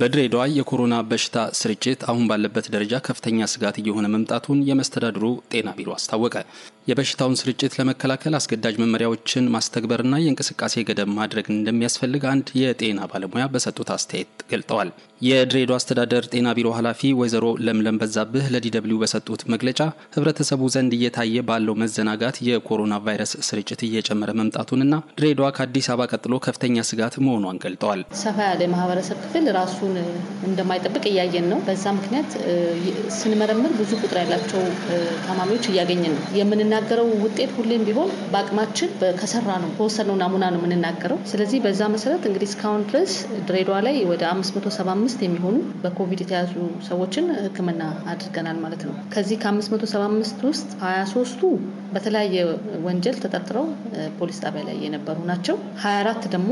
በድሬዳዋ የኮሮና በሽታ ስርጭት አሁን ባለበት ደረጃ ከፍተኛ ስጋት እየሆነ መምጣቱን የመስተዳድሩ ጤና ቢሮ አስታወቀ። የበሽታውን ስርጭት ለመከላከል አስገዳጅ መመሪያዎችን ማስተግበርና የእንቅስቃሴ ገደብ ማድረግ እንደሚያስፈልግ አንድ የጤና ባለሙያ በሰጡት አስተያየት ገልጠዋል። የድሬዳዋ አስተዳደር ጤና ቢሮ ኃላፊ ወይዘሮ ለምለም በዛብህ ለዲደብሊው በሰጡት መግለጫ ህብረተሰቡ ዘንድ እየታየ ባለው መዘናጋት የኮሮና ቫይረስ ስርጭት እየጨመረ መምጣቱንና ድሬዳዋ ከአዲስ አበባ ቀጥሎ ከፍተኛ ስጋት መሆኗን ገልጠዋል። ሰፋ ያለ የማህበረሰብ ክፍል ራሱን እንደማይጠብቅ እያየን ነው። በዛ ምክንያት ስንመረምር ብዙ ቁጥር ያላቸው ታማሚዎች እያገኘን ነው። የምንናገረው ውጤት ሁሌም ቢሆን በአቅማችን ከሰራ ነው ከወሰድነው ናሙና ነው የምንናገረው። ስለዚህ በዛ መሰረት እንግዲህ እስካሁን ድረስ ድሬዳዋ ላይ ወደ 575 አምስት የሚሆኑ በኮቪድ የተያዙ ሰዎችን ሕክምና አድርገናል ማለት ነው። ከዚህ ከ575 ውስጥ 23ቱ በተለያየ ወንጀል ተጠርጥረው ፖሊስ ጣቢያ ላይ የነበሩ ናቸው። 24 ደግሞ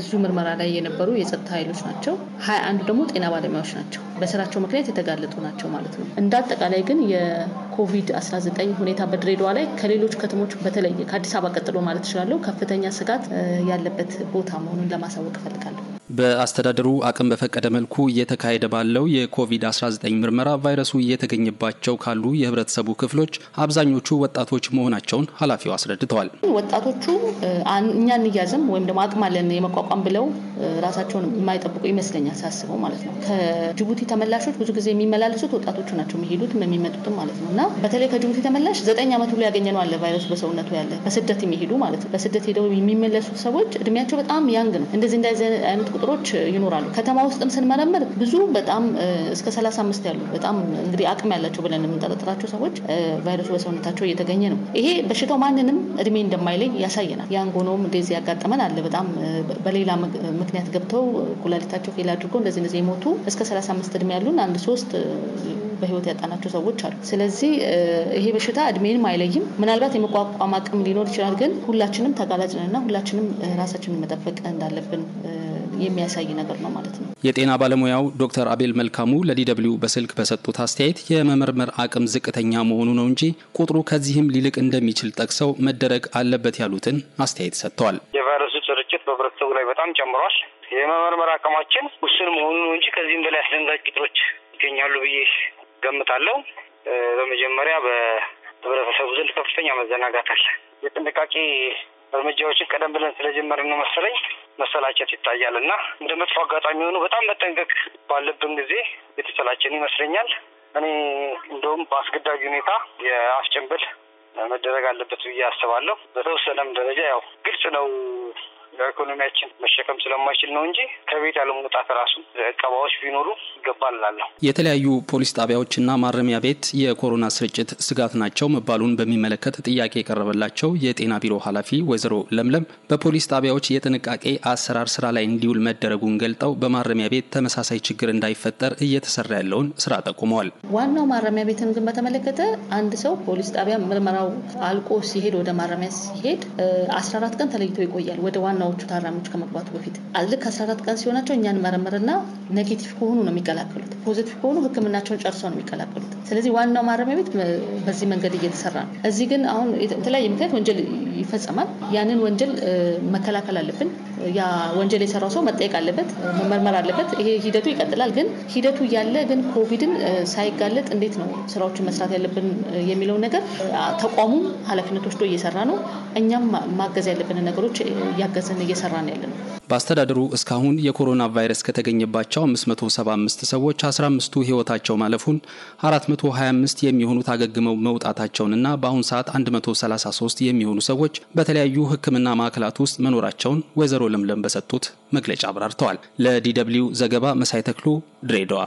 እዚሁ ምርመራ ላይ የነበሩ የጸጥታ ኃይሎች ናቸው። 21 ደግሞ ጤና ባለሙያዎች ናቸው። በስራቸው ምክንያት የተጋለጡ ናቸው ማለት ነው። እንደ አጠቃላይ ግን የኮቪድ-19 ሁኔታ በድሬዳዋ ላይ ከሌሎች ከተሞች በተለየ ከአዲስ አበባ ቀጥሎ ማለት እችላለሁ ከፍተኛ ስጋት ያለበት ቦታ መሆኑን ለማሳወቅ እፈልጋለሁ። በአስተዳደሩ አቅም በፈቀደ መልኩ እየተካሄደ ባለው የኮቪድ-19 ምርመራ ቫይረሱ እየተገኘባቸው ካሉ የህብረተሰቡ ክፍሎች አብዛኞቹ ወጣቶች መሆናቸውን ኃላፊው አስረድተዋል። ወጣቶቹ እኛ እንያዝም ወይም ደግሞ አቅም አለን የመቋቋም ብለው ራሳቸውን የማይጠብቁ ይመስለኛል ሳስበው ማለት ነው። ከጅቡቲ ተመላሾች ብዙ ጊዜ የሚመላለሱት ወጣቶቹ ናቸው የሚሄዱትም የሚመጡትም ማለት ነው እና በተለይ ከጅቡቲ ተመላሽ ዘጠኝ ዓመት ብሎ ያገኘ ነው አለ ቫይረሱ በሰውነቱ ያለ በስደት የሚሄዱ ማለት ነው። በስደት ሄደው የሚመለሱ ሰዎች እድሜያቸው በጣም ያንግ ነው እንደዚህ ቁጥሮች ይኖራሉ። ከተማ ውስጥም ስንመረምር ብዙ በጣም እስከ ሰላሳ አምስት ያሉ በጣም እንግዲህ አቅም ያላቸው ብለን የምንጠረጥራቸው ሰዎች ቫይረሱ በሰውነታቸው እየተገኘ ነው። ይሄ በሽታው ማንንም እድሜ እንደማይለይ ያሳየናል። ያንጎኖም እንደዚህ ያጋጠመን አለ። በጣም በሌላ ምክንያት ገብተው ኩላሊታቸው ፌል አድርገው እንደዚህ እንደዚህ የሞቱ እስከ ሰላሳ እድሜ ያሉን አንድ ሶስት በህይወት ያጣናቸው ሰዎች አሉ። ስለዚህ ይሄ በሽታ እድሜንም አይለይም። ምናልባት የመቋቋም አቅም ሊኖር ይችላል፣ ግን ሁላችንም ተጋላጭ ነንና ሁላችንም ራሳችንን መጠበቅ እንዳለብን የሚያሳይ ነገር ነው ማለት ነው። የጤና ባለሙያው ዶክተር አቤል መልካሙ ለዲደብሊው በስልክ በሰጡት አስተያየት የመመርመር አቅም ዝቅተኛ መሆኑ ነው እንጂ ቁጥሩ ከዚህም ሊልቅ እንደሚችል ጠቅሰው መደረግ አለበት ያሉትን አስተያየት ሰጥተዋል። የቫይረሱ ስርጭት በህብረተሰቡ ላይ በጣም ጨምሯል። የመመርመር አቅማችን ውስን መሆኑ ነው እንጂ ከዚህም በላይ አስደንጋጭ ቁጥሮች ይገኛሉ ብዬ ገምታለሁ። በመጀመሪያ በህብረተሰቡ ዘንድ ከፍተኛ መዘናጋት አለ። የጥንቃቄ እርምጃዎችን ቀደም ብለን ስለጀመርን ነው መሰለኝ መሰላቸት ይታያል እና እንደ መጥፎ አጋጣሚ ሆኖ በጣም መጠንቀቅ ባለብን ጊዜ የተሰላቸን ይመስለኛል። እኔ እንደውም በአስገዳጅ ሁኔታ የአስጨንብል መደረግ አለበት ብዬ አስባለሁ። በተወሰነም ደረጃ ያው ግልጽ ነው በኢኮኖሚያችን መሸከም ስለማይችል ነው እንጂ ከቤት ያለመውጣት ራሱ እቀባዎች ቢኖሩ ይገባል እላለሁ። የተለያዩ ፖሊስ ጣቢያዎችና ማረሚያ ቤት የኮሮና ስርጭት ስጋት ናቸው መባሉን በሚመለከት ጥያቄ የቀረበላቸው የጤና ቢሮ ኃላፊ ወይዘሮ ለምለም በፖሊስ ጣቢያዎች የጥንቃቄ አሰራር ስራ ላይ እንዲውል መደረጉን ገልጠው በማረሚያ ቤት ተመሳሳይ ችግር እንዳይፈጠር እየተሰራ ያለውን ስራ ጠቁመዋል። ዋናው ማረሚያ ቤትን ግን በተመለከተ አንድ ሰው ፖሊስ ጣቢያ ምርመራው አልቆ ሲሄድ ወደ ማረሚያ ሲሄድ አራት ቀን ተለይቶ ይቆያል ወደ ዋናው አብዛኛዎቹ ታራሚዎች ከመግባቱ በፊት አልክ ከ14 ቀን ሲሆናቸው እኛን መረምርና ኔጌቲቭ ከሆኑ ነው የሚቀላቀሉት። ፖዘቲቭ ከሆኑ ህክምናቸውን ጨርሰው ነው የሚቀላቀሉት። ስለዚህ ዋናው ማረሚያ ቤት በዚህ መንገድ እየተሰራ ነው። እዚህ ግን አሁን የተለያየ ምክንያት ወንጀል ይፈጸማል። ያንን ወንጀል መከላከል አለብን። ያ ወንጀል የሰራው ሰው መጠየቅ አለበት፣ መመርመር አለበት። ይሄ ሂደቱ ይቀጥላል። ግን ሂደቱ እያለ ግን ኮቪድን ሳይጋለጥ እንዴት ነው ስራዎችን መስራት ያለብን የሚለውን ነገር ተቋሙም ኃላፊነት ወስዶ እየሰራ ነው። እኛም ማገዝ ያለብን ነገሮች እያገዝን አጠናክረን እየሰራን ያለ ነው። በአስተዳደሩ እስካሁን የኮሮና ቫይረስ ከተገኘባቸው 575 ሰዎች 15ቱ ህይወታቸው ማለፉን 425 የሚሆኑት አገግመው መውጣታቸውንና በአሁን ሰዓት 133 የሚሆኑ ሰዎች በተለያዩ ሕክምና ማዕከላት ውስጥ መኖራቸውን ወይዘሮ ለምለም በሰጡት መግለጫ አብራርተዋል። ለዲደብሊው ዘገባ መሳይ ተክሉ ድሬዳዋ